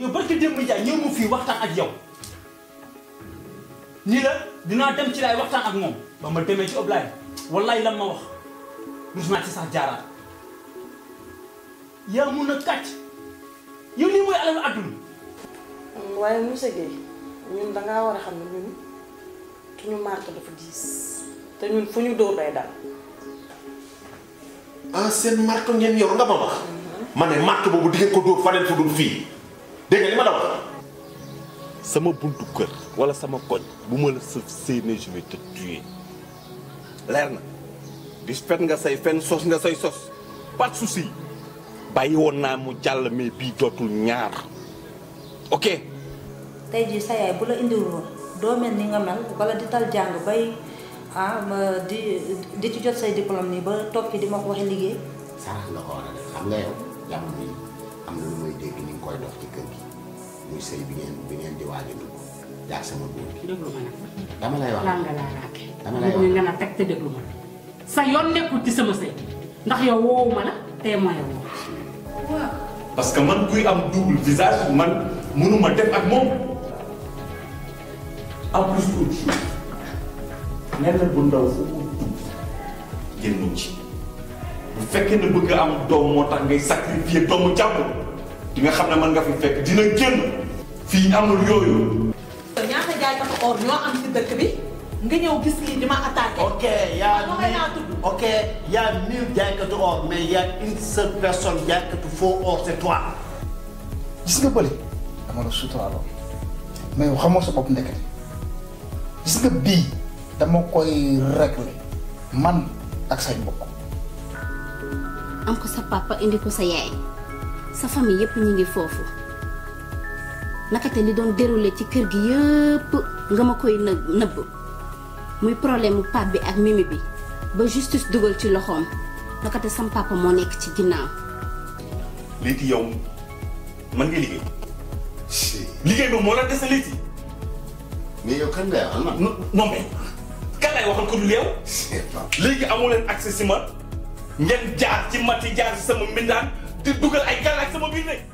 yow barki démb jaay ñëw ma fii waxtaan ak yow nii la dinaa dem ci laay waxtaan ak moom ba ma demee ci oblaay wallaay lan ma wax rus naa ci sax jaaraat yaa mun a kàcc yow lii mooy alalu àdduna waaye monsieur Guèye ñun dangaa war a xam ne ñun suñu marto dafa diis te ñun fu ñu dóor day dal ah seen marto ngeen yor nga ma wax mhm. ma ne marto boobu di ngeen ko dóor faneen fu dul fii dégg nga li ma la sama buntu kër wala sama koñ bu ma la sëf séenee je te tuer leer na di fet nga say fen sos nga say sos pas de bàyyi woon naa mu jàll mais bii dootul ñaar ok. tey jii sa yaay bu la indiwul doo mel ni nga mel wala di tal jàng bay ah di di ci jot say diplôme nii ba toog di ma ko waxee liggéey. sarax nga ko war a def xam nga yow jàmm bi. am na lu may dégg ni nga koy dox ci kër gi muy sëy bi ngeen bi ngeen di waaj a sama góor gi. déglu ma nag. dama lay wax lan nga laa dama lay wax nga sa ndax yow parce que man kuy am double visage man mënuma def ak moom en plus tuuti nee bu ndaw foofu dugg génn ci. bu fekkee bëgg am doom moo tax ngay sacrifier doomu jàpp di nga xam ne mën nga fi fekk dina génn fii amul yooyu. ñaata jaay tax or ñoo am ci dëkk bi nga ñëw gis lii di ma attaqué. ok yaa mille ok yaa mille jaaykatu or mais yaa une seule personne jaaykatu faux or c'est toi. gis nga bële dama la suturaaloon mais yow xamoo sa bopp ndekete gis nga bii dama koy réglé man ak say mbokk. am ko sa papa indi ko sa yaay sa famille yëpp ñu ngi foofu naka li doon déroulé ci kër gi yëpp nga ma koy nëbb muy problème mu bi ak mimi bi ba justice dugal ci loxoom nakate sam papa moo nekk ci ginnaaw. léegi yow mën nga liggéey. liggéey ba moo la des léegi. mais yow kan lay wax non mais kan lay waxal ko du leew. léegi amoo accès si man. ngeen jaar ci mati jaar ci sama mbindaan di dugal ay gàll ak sama biir